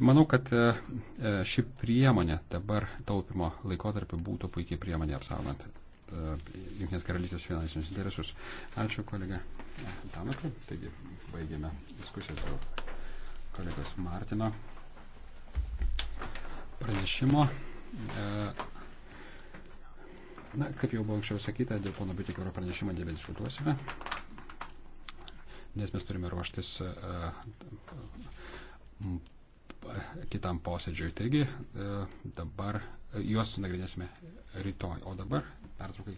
Manau, kad e, e, ši priemonė dabar taupimo laikotarpiu būtų puikiai priemonė apsaugant e, Junkinės karalystės finansinius interesus. Ačiū kolega Tamakui. Taigi, baigėme diskusijas dėl kolegos Martino pranešimo. Na, kaip jau buvo anksčiau sakyta, dėl pono Bitikoro pranešimo nebediskutuosime, nes mes turime ruoštis kitam posėdžiui. Taigi e, dabar e, juos nagrinėsime rytoj, o dabar pertraukai.